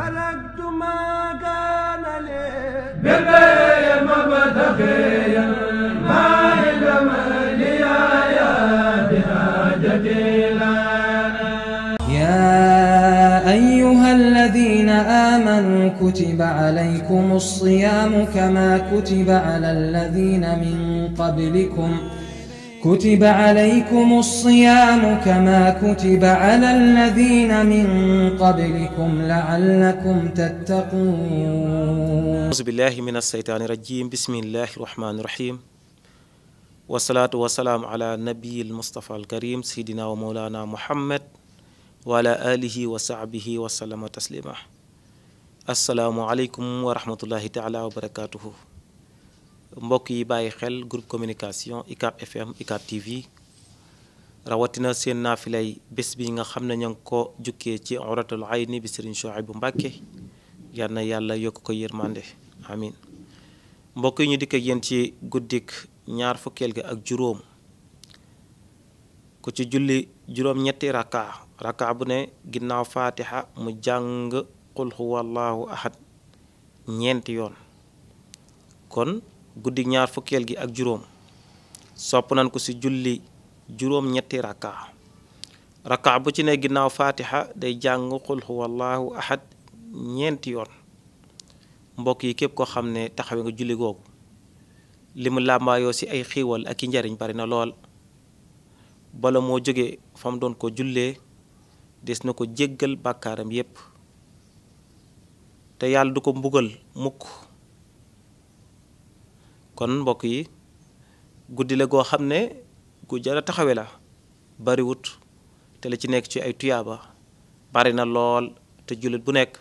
تركت ما كان لي ببي مبتغيا ما علم لي يا بحاجتي يا أيها الذين آمنوا كتب عليكم الصيام كما كتب على الذين من قبلكم كتب عليكم الصيام كما كتب على الذين من قبلكم لعلكم تتقون أعوذ بالله من الشيطان الرجيم بسم الله الرحمن الرحيم والصلاة والسلام على نبي المصطفى الكريم سيدنا ومولانا محمد وعلى آله وصحبه وسلم تسليما السلام عليكم ورحمة الله تعالى وبركاته mbokk yi bàyyi xel groupe communication UCAB rawatina seen naafilay bés bi nga xam ne ña ngi ko jukkee ci oratul ayni bi Serigne Chouaïbou Mbacke yal yàlla yokk ko yërmande amin mbokk yi ñu dikk ak ci guddik ñaar fukkeel ga ak juróom ku ci julli juróom ñetti raka raka bu ne ginnaaw faatiha mu jàng qul huwallahu ahad yoon kon guddi ñaar fukkeel gi ak juróom sopp nañ ko ci julli juróom ñetti rakka rakka bu ci ne ginnaaw faatiha day jàng xul huwallaahu ahad ñeenti yoon mbokk yi képp koo xam ne taxawe nga julli googu li làmbaayoo ci ay xiiwal ak i njariñ bari na lool bala moo jóge fa doon ko jullee des na ko jéggal bàkkaaram yépp te yàlla du ko mbugal mukk kon mbokk yi guddi la goo xam ne gu jara taxawe la bariwut te la ci nekk ci ay tuyaaba bari na lool te jullit bu nekk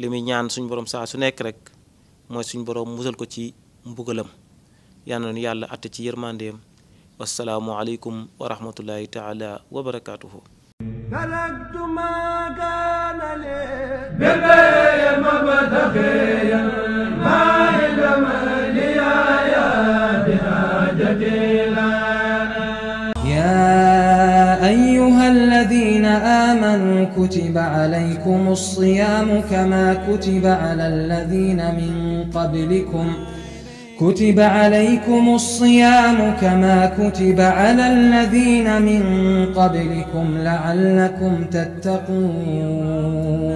li muy ñaan suñ boroom saa su nekk rek mooy suñ boroom musal ko ci mbugalam yal na nu yàlla àtte ci yërmandeem wassalaamu aleykum wa rahmatullahi taala wa barakaatuhu. يا أيها الذين آمنوا كتب عليكم الصيام كما كتب على الذين من قبلكم كتب عليكم الصيام كما كتب على الذين من قبلكم لعلكم تتقون